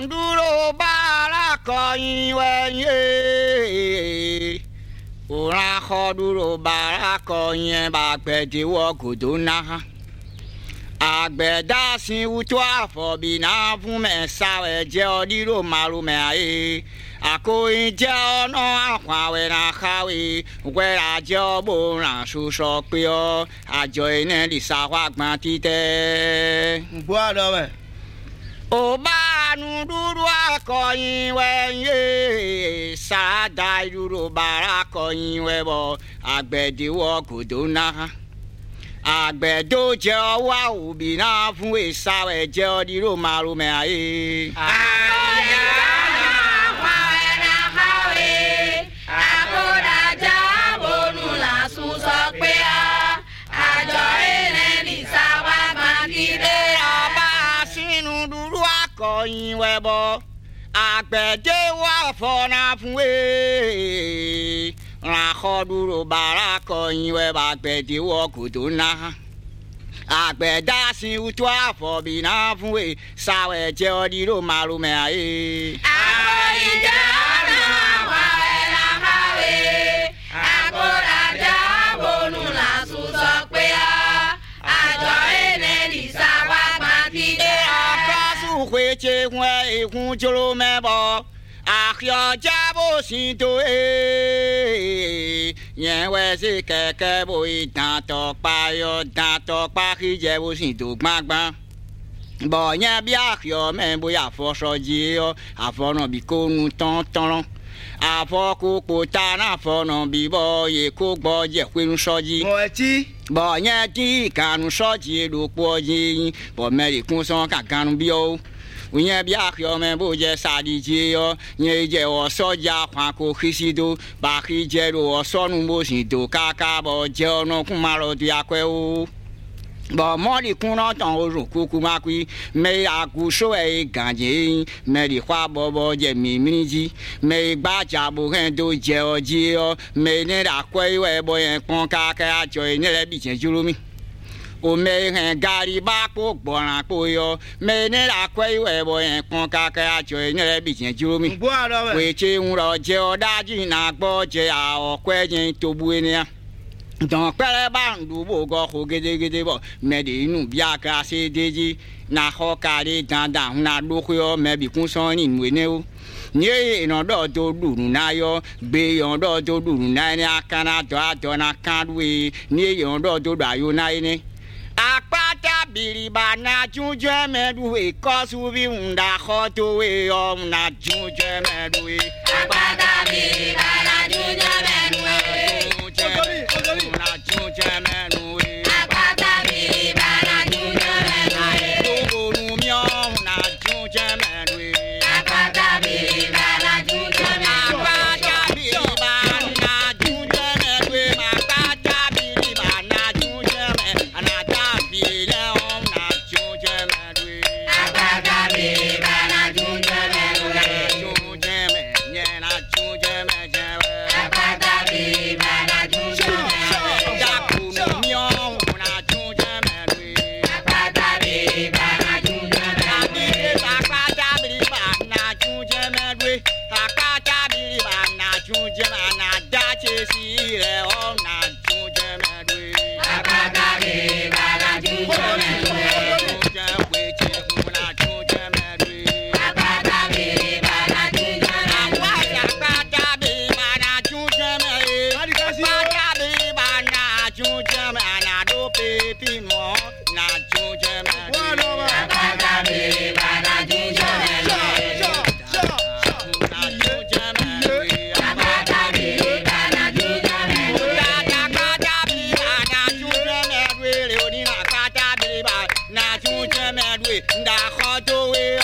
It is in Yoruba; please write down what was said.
ń dúró bá alákọ̀yìn wẹ̀yìn òrà kọ́ dúró bá alákọ̀yìn bá gbẹ̀dẹ̀ wọ gòdó náà àgbẹ̀dá sin náà fún mẹ́sà ẹ̀ jẹ́ ọdírò màrúmẹ́ ayé àkóyí jẹ́ ọ̀nà àwọn àwẹ̀ náà káwé wẹ́rà jẹ́ ọ̀bọ̀ ràn ṣoṣọ pé ọ àjọ iná lè sáwà gbọ́n títẹ́. gbọ́ àdọ́wẹ̀. akọ ruru akọyiwe ye sada iruru bara akọyiwe bọ agbẹdiwọ godo na agbẹdo jẹ ọwa òbí náà fún èsà ẹjẹ ọdí ló ẹbọ àpẹ̀jẹ́ wà fọ́nà fún ẹ rakɔduro bara kɔnyi wɛ ba gbɛdi wɔ koto na agbɛda si wutu afɔ bi na fun we sawɛ jɛ ɔdi ro malu àwọn ìjà. kwekye hwe ihu joro mebo ahịa ọja bụ si do ee yẹn wẹsẹ kẹkẹ bo ìdàtọ payọ dàtọ pàkìjẹ bó sì do gbangban bọ yẹn bí ahịa mẹ bóyá àfọsọjì ọ bí kò nu tán tán afɔkoko ta n'afɔnɔ bibɔ ye ko gbɔ jɛkulu sɔji. mɔɛti. bɔnyɛ ti kanu sɔji ɖokpɔ dzi bɔmɛri kunsɔn ka kanu bi o wònyɛ biaxɔ mɛ bó dze saɖi yɔ nye dze wɔsɔ dza ƒãko xisi do baxi dze do wɔsɔnu bó zi do kaka bɔ dze ɔnɔ kumalɔ duakɔɛwo bɔn mɔli kunna tɔn o zun kukumakui mɛ aguso ɛ ganje yi mɛ de xɔ abɔbɔ jɛ mimiri dzi mɛ gbadza bo hɛn do jɛ dzi yɔ mɛ ne de akɔ yi wɔ ɛbɔ yɛn kpɔn kakɛ atsɔ yi ne lɛ bi jɛ dzoro mi ome hɛn gari ba kpo gbɔran kpo yɔ mɛ ne la kɔ iwɛ bɔ yɛn kɔn kakɛ atsɔ yɛ ne yɛrɛ bi tiɲɛ tso mi. wetse ŋurɔ jɛ ɔdaji na gbɔ jɛ awɔkɔɛ jɛ tobue ne dɔnkpɛrɛ bá ń dùbò gɔ ko gédégédé bɔ mɛ de inú bí a ka se déjì na xɔ ka de dandan na dókòyɔ mɛ bi kún sɔn ní nùwé ne wo nye ìnà dɔ tó dùnú na yɔ gbé ìnà dɔ tó dùnú na yɛ ne akana dɔ adɔ na kan do ye nye ìnà dɔ tó do ayo na yɛ ne biriba na junjɛ mɛdu ye kɔsubi ŋunda xɔto ye ɔ ŋuna junjɛ mɛdu ye. agbada biriba na junjɛ pimọ na jujẹ mẹlẹ. wọ́n lọ wá. abata bèrè bàrà jujẹ mẹlẹ. na jujẹ mẹlẹ. abata bèrè bàrà jujẹ mẹlẹ. kata kata bèrè na jujẹ mẹlẹ. onina kata bèrè bàrà na jujẹ mẹlẹ. ndakọ tó wé.